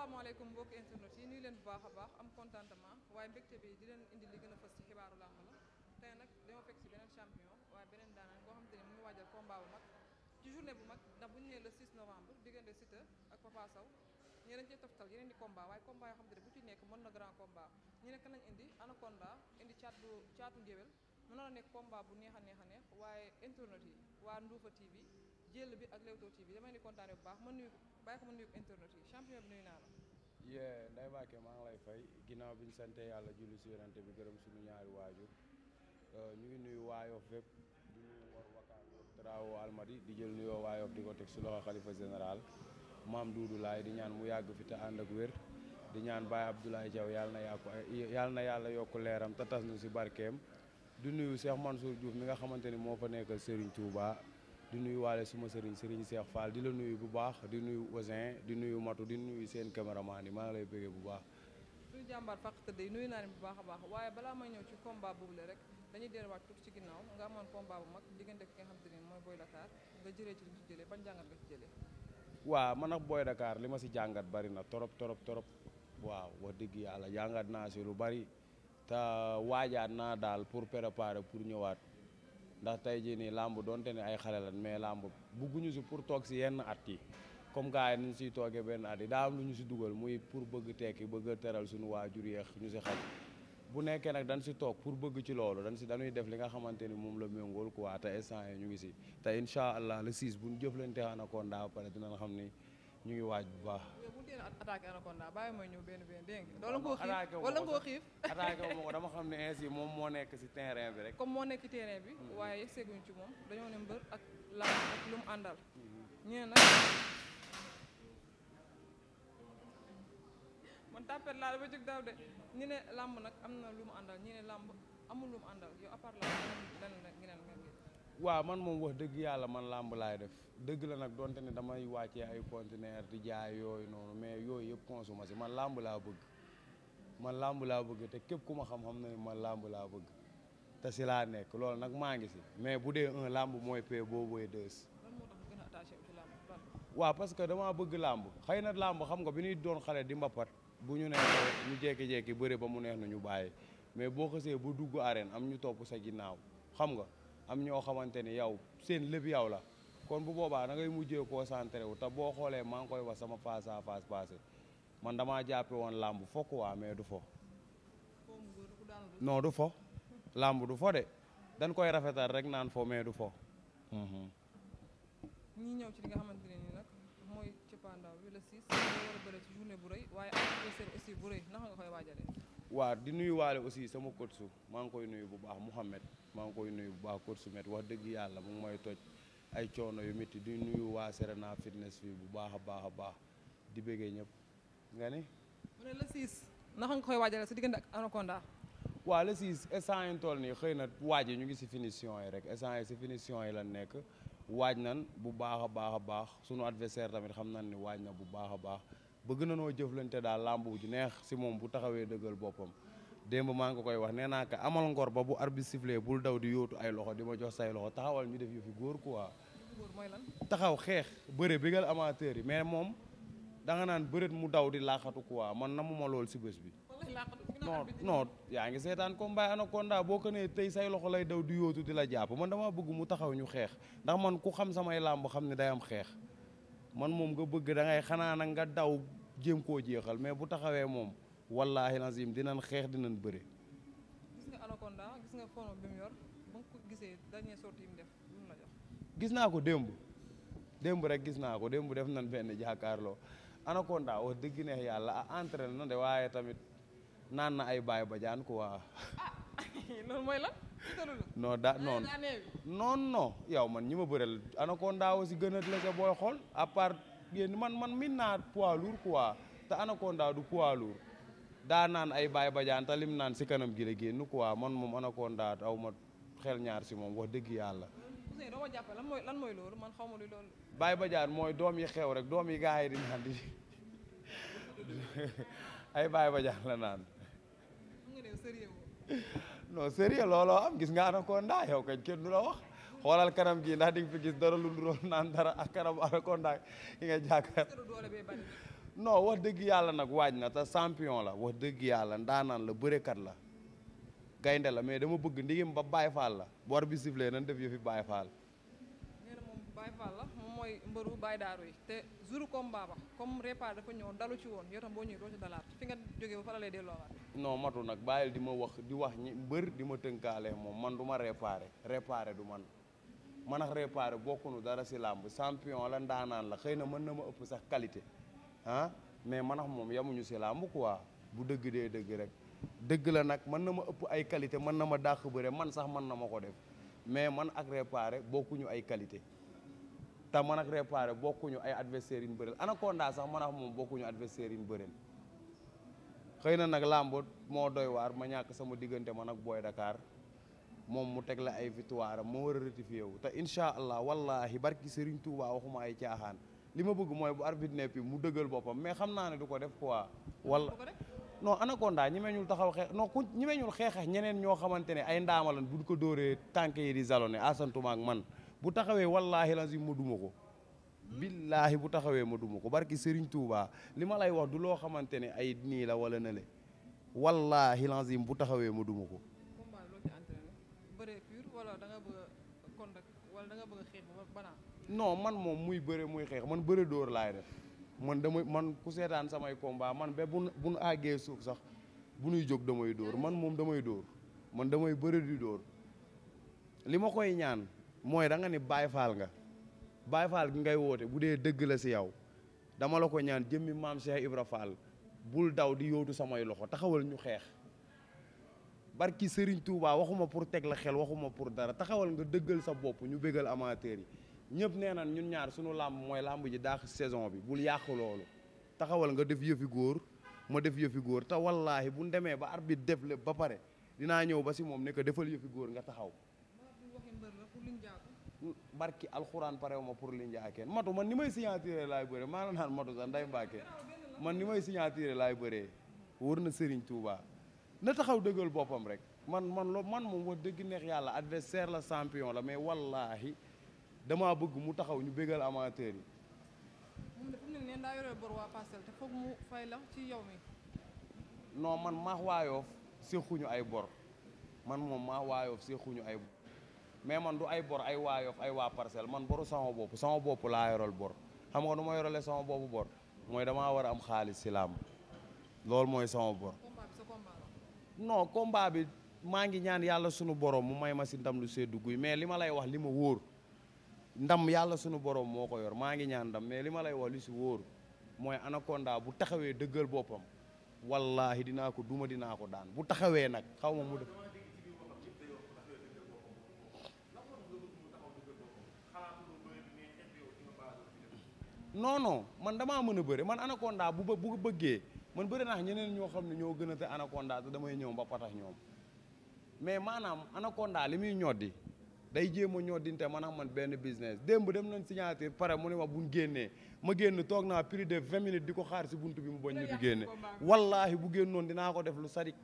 asalaamaaleykum mbokki internet yi nuyu leen baax a baax am contentement waaye mbégte bi di leen indi li gën a fës ci xibaaru làmb la tey nag dama fekk ci beneen champion waaye beneen daanaan boo xam te ne mu waajal combat bu mag ci journée bu mag ndax bu ñu nee le novembre diggante Siteu ak Papa Sow ñi dañ cee toftal yeneen di combat waaye combat yoo xam te ne bu ci nekk mën na grand combat ñi nekk lañ indi indi caat bu caatu ngéwél bu neex a neex a neex waaye internet yi jël bi ak Leewtoo TV damay ni kontaane bu baax ma nuyu bàyyi ko ma nuyu internet yi champion bi nuyu naa la. yee Ndeye Mbacke maa ngi lay fay ginnaaw bi ñu sant yàlla julli si yonent bi gërëm suñu ñaari waajur euh, ñu ngi nuyu waayof fépp di nuyu war jël nuyoo waayof di ko teg si loxo général maam Doudou Laye di ñaan mu yàgg fi te ànd ak wér di ñaan Baye Abdoulaye Diaw yàlla na yàqu yàlla na yàlla yokk leeram te tas nu si barkeem di nuyu Cheikh Mansour Diouf mi nga xamante ni moo fa nekkal Serigne Touba di nuyu waale suma sëriñ sëriñ Cheikh Fall di la nuyu bu baax di nuyu osin di nuyu Matu di nuyu seen caméraman yi maa lay bëggee bu baax. suñu jàmbaar fàq tëdd nuyu naa leen bu baax a baax waaye balaa may ñëw ci combat boobu la rek dañuy delluwaat tuuti ci ginnaaw nga amoon combat bu mag diggante ki nga xam te ne mooy Boy Dakar nga jëlee ci li ci jëlee ban jàngat nga ci jëlee. waaw man ak Boy Dakar li ma si jàngat bari na torop torop torop waaw wax dëgg yàlla naa si lu bari te waajaat naa daal pour préparer pour ñëwaat ndax tey jii nii làmb doonte ne ay xale lan mais làmb bugguñu si pour toog si yenn at yi comme gars yi ñu siy toogee benn at yi daa am lu ñu si dugal muy pour bëgg tekki bëgg teral suñu waajur yeex ñu si xaj bu nekkee nag dañ si toog pour bëgg ci loolu dañ si dañuy def li nga xamante ni moom la méngool quoi te instant yi ñu ngi si te incha allah le 6 bu ñu jëflante Anaconda ba pare dinañ xam ni ñuy ngi waaj bu baax. yow bu ñu bàyyi ma ñëw benn benn dégg nga. waaw attaqué wu ma ko wala nga xiif attaqué wu ma ko dama xam ne ainsi moom moo nekk si terrain bi rek. comme moo nekk terrain bi. Mm-hmm. waaye yegseeguñu ci moom dañoo ne mbër ak laaj ak lu mu àndal. Mm-hmm. ñu ne nag man tàppet laa dafa jóg daaw de ñu ne làmb nag am na lu mu àndal làmb amul lu mu àndal yow à part la lan lan ngeen. waaw man moom wax dëgg yàlla man làmb laay def dëgg la nag doonte ne damay wàccee ay conteneur di jaay yooyu noonu mais yooyu yëpp consommer si man làmb laa bëgg man làmb laa bëgg te képp ku ma xam-xam na man làmb laa bëgg te si laa nekk loolu nag maa ngi si mais bu dee làmb mooy paie boobu deux. waaw parce que damaa bëgg làmb xëy na làmb xam nga bi ñuy doon xale di mbapat bu ñu neex ñu jékki-jékki ba mu neex na ñu bàyyi mais boo xasee bu dugg arène am ñu topp sa ginnaaw xam nga. am ñoo xamante ni yow seen lépp yow la kon bu boobaa da ngay mujjee concentré wu te boo xoolee maa ngi koy wax sama face à face passé man damaa jàppe woon làmb fokk waa mais du fo non du fo làmb du fo dañ koy rafetal rek naan fo mais du fo mhm. ñi nga xamante mooy ci journée bu rëy koy waajalee waa di nuyuwaale waale aussi sama coach maa ngi koy nuyu bu baax Mouhamed maa ngi koy nuyu bu baax coach Met wax dëgg yàlla mu ngi may toj ay coono yu métti di nuyu waa sere Serena fitness fii bu baax a baax a baax di bëggee ñëpp nga ne. mu ne le 6 naka nga koy waajal sa diggante ak Anaconda. waaw le 6 instant tool nii xëy na waaj yi ñu ngi si finition yi rek instant yi si finition yi la nekk waaj nan bu baax a baax a baax sunu adversaire tamit xam nañ ni waaj na bu baax a baax bëgg na noo jëflante daal làmb ju neex si moom bu taxawee dëggal boppam. démb maa ngi koy wax nee naa ko amal ngor ba bu bi sifflé bul daw di yóotu ay loxo di ma jox say loxo taxawal ñu def yu fi góor quoi. taxaw xeex bëre bégal amateur yi mais moom danga naan bëreet mu daw di laaxatu quoi man na mu ma lool si bés bi. non non yaa ngi seetaan combat anaconda boo ko nee tey say loxo lay daw di yóotu di la jàpp man dama bëgg mu taxaw ñu xeex ndax man ku xam samay làmb xam ne day am xeex man moom nga bëgg da ngay xanaa nag nga daw jéem koo jeexal mais bu taxawee moom. wallaahi lazim dinañ xeex dinañ bëre. gis nga Anaconda gis nga phono bi yor ba gisee dernier sortie mu def gis naa ko démb démb rek gis naa ko démb def nan benn jàkkaarloo Anaconda wax dëgg neex yàlla a ah, entraîné na waaye tamit naan na ay baay bajaan quoi. Ah, loolu mooy la non da non non non yow man ñi ma bëreel Anaconda aussi gën a la booy xool à part man man min naa poids lourd quoi te Anaconda du poids daa naan ay baay bajaan te lim naan si kanam gi la génn quoi man moom Anaconda aw ma xel ñaar si moom wax dëgg yàlla. man xaw ma baay bajaan mooy doom yi xew rek doom yi gars yi di naan di ay baay bajaan la naan. non sérieux looloo am gis nga Anaconda yow kañ kenn du la wax xoolal kanam gi ndax di fi gis dara lu dul naan dara ak kanamu Anaconda gi nga jàkkaar. no wax dëgg yàlla nag waaj na te champion la wax dëgg yàlla ndaanaan la kat la gaynde la mais dama bëgg ndigim ba Baye Fall la bor bi siflee nan def yëfi Baye Fall Baye Fall la moom mooy mbëru Baye Daaru yi te jour combat ba comme repas dafa ñëw dalu ci woon yow boo ñëwee doo ci dalaat fi nga jógee ba fa la lay delloowaat non matu nag bàyyil di ma wax di wax ñi mbër di ma tënkaale moom man du ma réparé réparé du man man ak réparé bokkunu dara si làmb champion la ndaanaan la xëy na mën na ma ëpp sax qualité ah mais man moom yamuñu si làmb quoi bu dëgg dee dëgg rek dëgg la nag mën na ma ëpp ay qualité mën na ma dàq bëre man sax man na ma ko def mais man ak réparé bokkuñu ay qualité te man ak réparé bokkuñu ay adversaire yin bëreel ana Konda sax man ak moom bokkuñu adversaire yin bëreel xëy na nag làmb moo doy waar ma ñàkk sama diggante man ak Boy Dakar moom mu teg la ay victoire ma war a rectifié wu te incha allah wallahi barki Serigne Touba waxuma ay caaxaan li ma bëgg mooy bu arbitre ne bi mu dëggal boppam mais xam naa ne du ko def quoi. wala non anaconda ñi meñul taxaw xeex non ku ñi meñul xeexax ñeneen ñoo xamante ne ay ndaama bu bu ko dóoree tànk yi di zalone asantuma ak man bu taxawee wallaahi lazim ma duma ko. billaahi bu taxawee ma duma ko barki Serigne Touba li ma lay wax du loo xamante ne ay nii la wala nële wallaahi lazim bu taxawee ma duma ko. combat non man moom muy bëre muy xeex man bëre dóor laay def man damay man ku seetaan samay combat man ba bu bu nu àggee suuf sax bu nuy jóg damay dóor man moom damay dóor man damay bëre di dóor li ma koy ñaan mooy danga ni Baay Faal nga Baay Faal gi ngay woote bu dee dëgg la si yow dama la ko ñaan jëmmi maam Cheikh Ibra Fall bul daw di yóotu samay loxo taxawal ñu xeex barki Serigne Touba waxuma pour teg la xel waxuma pour dara taxawal nga dëggal sa bopp ñu bégal amateur yi ñëpp nee nañ ñun ñaar sunu làmb mooy làmb ji daax saison bi bul yàq loolu taxawal nga def yëfi góor ma def yëfi góor te wallaahi bu ñu demee ba arbitre def lépp ba pare dinaa ñëw ba si moom ne ko defal yëfi góor nga taxaw. barki alxuraan parew ma pour li njaakeen matu man ni may signature laay bëree maa la naan matu sax nday mbaakee man ni may signature laay bëree wër na sëriñ Touba na taxaw dëggal boppam rek man man loo man moom wax dëgg neex yàlla adversaire la champion la mais wallaahi. damaa bëgg mu taxaw ñu bégal amateur yi. moom dafa nekk waa Parcelles te fay la ci man maax waayoof ay bor man moom maax waayoof seexuñu ay mais man du ay bor ay waayoof ay waa Parcelles man boru sama bopp sama bopp laa yorol bor xam nga nu ma sama boppu bor mooy damaa war a am xaalis si làmb loolu mooy sama bor. combat bi bi maa ngi ñaan yàlla sunu borom mu may ma si ndam lu see dugg mais li ma lay wax li ma wóor. ndam yàlla sunu borom moo ko yor maa ngi ñaan ndam mais li ma lay wax li si wóoru mooy anaconda bu taxawee dëggal boppam wallahi dinaa ko duma dinaa ko daan bu taxawee nag xaw ma mu def non non man damaa mën a bëre man anaconda bu bu bëggee man bëri naa ñeneen ñoo xam ne ñoo gën a te anaconda te damay ñëw ba patax ñoom mais maanaam anaconda li muy ñoddi day jéem a ñoo dinte man man benn business démb dem nañ signature pare mu ne ma buñ génnee ma génn toog naa plus de vingt minutes di ko xaar si buntu bi mu bañ du génne wallaahi bu génnoon dinaa ko def lu sadik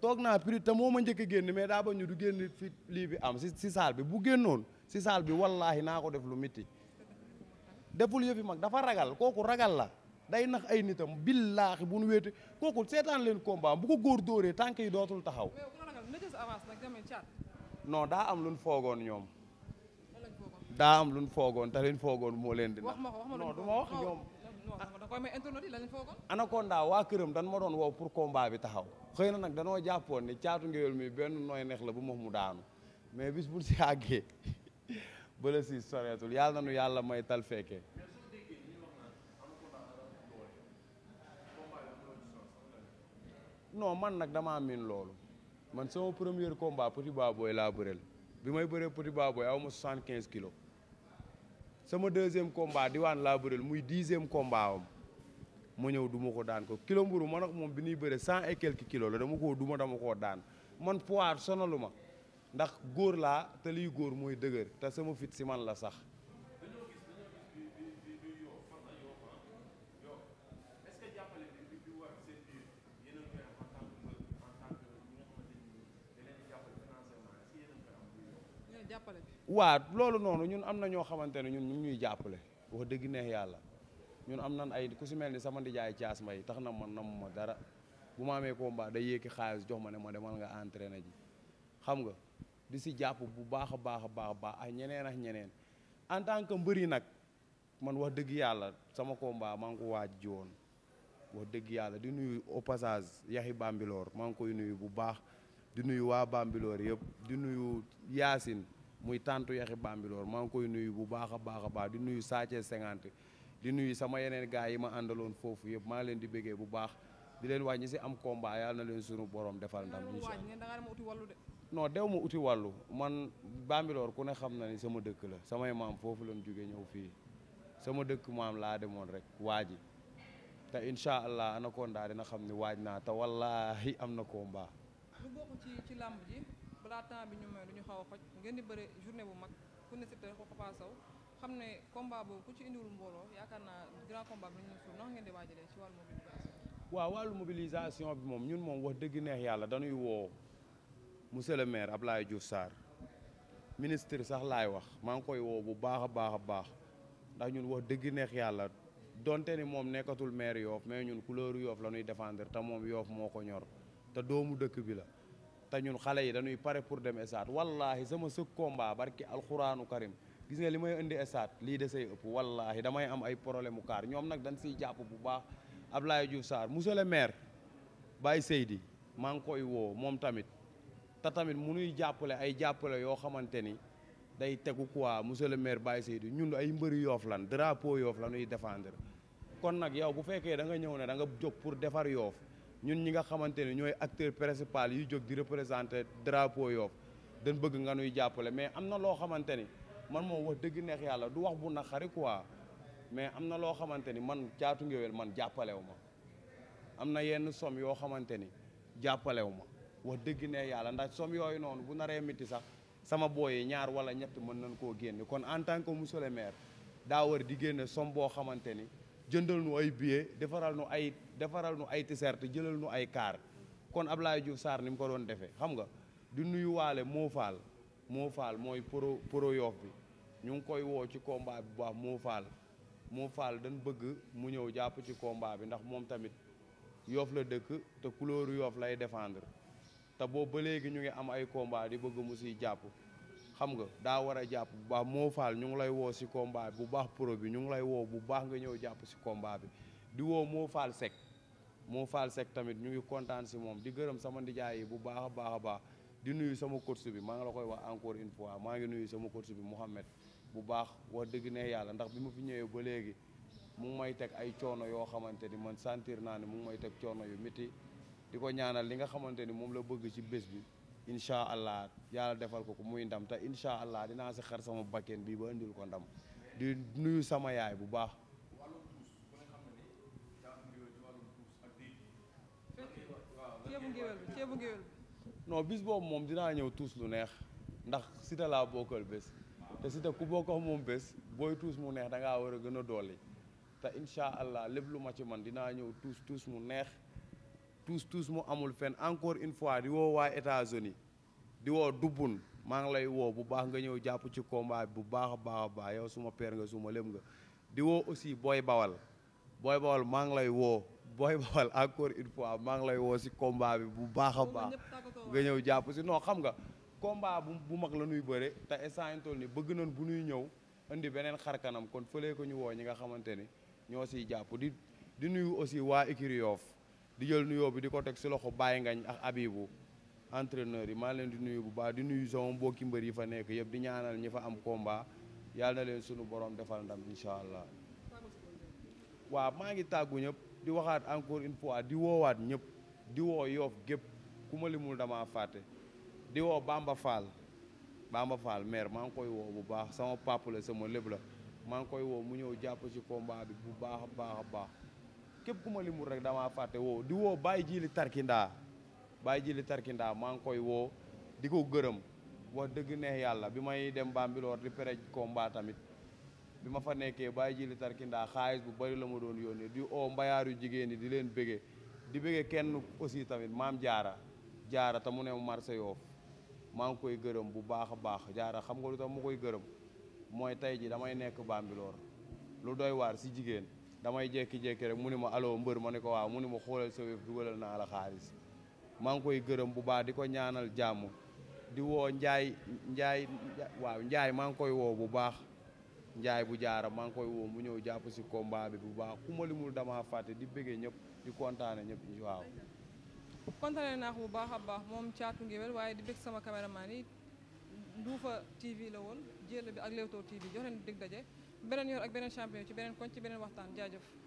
toog naa plus te moo ma njëkk génn mais daa bañ ñu du génn fi lii bi am si si saal bi bu génnoon si saal bi wallaahi naa ko def lu métti deful yëfi mag dafa ragal kooku ragal la day nax ay nitam billaahi bu nu wéete kooku seetaan leen combat bu ko góor dóoree tànk yi dootul taxaw. non daa am luñ foogoon ñoom. daa am luñ foogoon te foogoon moo leen di. wax ma ko non du ma wax ñoom. Oh, Anaconda waa këram dan ma doon wow pour combat bi taxaw. xëy na nag danoo jàppoon ni caatu ngéwél mi benn nooy neex la bu mox mu daanu mais bis bu si àggee ba la si soreetul yàlla na nu yàlla may tal fekkee. non man nag damaa miin loolu. man sama premier combat petit baboy laa bëreel bi may bëree petit baboy aw ma soixante quinze kilos sama deuxième combat diwaan laa bëreel muy dixième combat am ma ñëw duma ko daan ko kilo mburu man ak moom bi nuy bëre cent et quelques kilos la dama koo duma dama koo daan man poids sonalu ma ndax góor laa te liy góor mooy dëgër te sama fit si man la sax waa loolu noonu ñun am na ñoo xamante ne ñun ñu ñuy jàppale wax dëgg neex yàlla ñun am nan ay ku si mel ni sama ndijaay Thiass Mbaye tax na man nam ma dara bu ma amee combat da yéeki xaalis jox ma ne ma demal nga na ji xam nga di si jàpp bu baax a baax a baax a baax ak ñeneen ak ñeneen en tant que mbëri nag man wax dëgg yàlla sama combat maa ngi ko waaj ji woon wax dëgg yàlla di nuyu au passage yaxi Bambilor maa ngi koy nuyu bu baax di nuyu waa Bambilor yëpp di nuyu Yaasin muy tàntu yaxi bambiloor maa ngi koy nuyu bu baax a baax a baax di nuyu saacee cinquante di nuyu sama yeneen gars yi ma àndaloon foofu yëpp maa leen di béggee bu baax di leen waaj ñi si am combat yàlla na leen sunu borom defal ndam noo dew ma uti wàllu man bambiloor ku ne xam na ni sama dëkk la samay maam foofu lañ jóge ñëw fii sama dëkk maam laa demoon rek waaji te incha allah anaconda dina xam ni waaj naa te wallaahi am na combat lu balaa temps bi ñu may lu ñu xaw a xoj ngeen di bëre journée bu mag ku ne Siteu ko Papa Sow xam ne combat boobu ku ci indiwul mbooloo yaakaar naa grand combat bi ñu suuf ndax ngeen di waajalee ci wàllu mobilisation. bi moom ñun moom wax dëgg neex yàlla dañuy woo monsieur le ab Abdoulaye Diouf Sarr ministre sax laay wax maa ngi koy woo bu baax a baax a baax ndax ñun wax dëgg neex yàlla donte ni moom nekkatul maire yoof mais ñun couleur yoof la ñuy défendre te moom moo ko ñor te doomu dëkk bi la. te ñun xale yi dañuy pare pour dem stade wallahi sama sëg combat barki alxuraanu karim gis nga li may indi stade lii desay ëpp wallahi damay am ay problème mu kaar ñoom nag dañ siy jàpp bu baax Ablaye Diouf Sarr monsieur le maire Baye Seydi maa ngi koy woo moom tamit te tamit mu munuy jàppale ay jàppale yoo xamante ni day tegu kuwaa monsieur le maire Baye Seydi ñun ay mbëri yoof lan drapeau yoof la ñuy défendre kon nag yow bu fekkee da nga ñëw ne da nga jóg pour defar yoof ñun ñi nga xamante ne ñooy acteur principal yu jóg di représenter drapeau Yoff dañ bëgg nga nuy jàppale mais am na loo xamante ni man moom wax dëgg neex yàlla du wax bu naqari quoi mais am na loo xamante ni man caatu ngéwél man jàppalewu ma am na yenn somme yoo xamante ni jàppalewu ma wax dëgg ne yàlla ndax somme yooyu noonu bu naree miti sax sama booyi ñaar wala ñett mën nañ koo génne kon en tant que monsieur le maire daa war di génne somme boo xamante ni jëndal nu ay billets defaral nu ay defaral nu ay t-shirt jëlal nu ay kaar kon ab Ablaye Diouf saar ni mu ko doon defee xam nga di nuyuwaale moo faal mooy pour pour yoof bi ñu ngi koy woo ci combat bi bu baax dañ bëgg mu ñëw jàpp ci combat bi ndax moom tamit yoof la dëkk te couleur yoof lay défendre te boo ba léegi ñu ngi am ay combat di bëgg mu siy jàpp xam nga daa war a jàpp bu baax moo ñu ngi lay woo si combat bi bu baax pour bi ñu ngi lay woo bu baax nga ñëw jàpp si kombaa bi di woo moo faal sec moo faal sec tamit ñu ngi kontaan si moom di gërëm sama ndijaay yi bu baax a baax di nuyu sama coach bi maa ngi la koy wax encore une fois maa ngi nuyu sama coach bi Mouhamed bu baax wax dëgg ne yàlla ndax bi ma fi ñëwee ba léegi mu ngi may teg ay coono yoo xamante ni man sentir naa ne mu ngi may teg coono yu métti di ko ñaanal li nga xamante ni moom la bëgg ci bés bi incha allah yàlla defal ko ko muy ndam te incha allah dinaa si xar sama bakkeen bii ba indil ko ndam di bu baax. ceebu géwél bis boobu moom dinaa ñëw tuus lu neex ndax Siteu laa bokkal bés te Siteu ku bokkal moom bés booy tuus mu neex dangaa war a gën a dolli te incha allah lépp lu ma ci man dinaa ñëw tuus tuus mu neex tuus tuus mu amul fen encore une fois di woo waa États-Unis di woo dubbun maa ngi lay woo bu baax nga ñëw jàpp ci combat bu baax a baax a suma père nga suma lépp nga di woo aussi booy bawal booy bawal maa ngi lay woo booy bawal encore une fois maa ngi lay woo si kombaa bi bu baax a baax nga ñëw jàpp si noo xam nga combat bu bu mag la nuy bëre te instant toll ni bëgg nañ bu nuy ñëw andi beneen xar kanam kon fëlee ko ñu woo ñi nga xamante ni ñoo siy jàpp di di nuyu aussi waa écurie yoof di jël nuyoo bi di ko teg si loxo Baye nga ak Abibu entraîneur yi maa ngi leen di nuyu bu baax di nuyu sama mbokki mbër yi fa nekk yëpp di ñaanal ñi fa am combat yàlla na leen sunu borom defal ndam incha ngi di waxaat encore une fois di woowaat ñëpp di woo yoof gépp ku ma limul damaa fàtte di woo Bamba Fall Bamba Fall maire maa ngi koy woo bu baax sama papa sama lépp la maa ngi koy woo mu ñëw jàpp ci combat bi bu baax a baax a baax képp ku ma limul rek damaa fàtte woo di woo Baye Jili Tarkindaa Baye Jili Tarkindaa maa ngi koy woo di ko gërëm wax dëgg neex yàlla bi may dem Bambilor di pere combat tamit bi ma fa nekkee bàyyi jili tarkindaa xaalis bu bari la ma doon yónnee di oo mbayaaru jigéen ñi di leen bëggee di bëggee kenn aussi tamit maam jaara jaara te mu ne marché yoof maa ngi koy gërëm bu baax a baax jaara xam nga lu tax mu koy gërëm mooy tey ji damay nekk bambiloor lu doy waar si jigéen damay jekki-jekki rek mu ni ma aloo mbër ma ne ko waaw mu ni ma xoolal sa wéef dugalal naa la xaalis maa ngi koy gërëm bu baax di ko ñaanal jàmm di woo njaay njaay waaw njaay maa ngi koy woo bu baax njaay bu jaara maa ngi koy woo mu ñëw jàpp si combat bi bu baax ku ma limul damaa fàtte di bëggee ñëpp di kontaane ñëpp waaw. kontaane naa ko bu baax a baax moom caatu ngéwél waaye di bëgg sama caméraman yi Nduufa TV la woon jéel bi ak Leewtoo TV jox leen dig daje beneen yoor ak beneen champion ci beneen koñ ci beneen waxtaan jaajëf.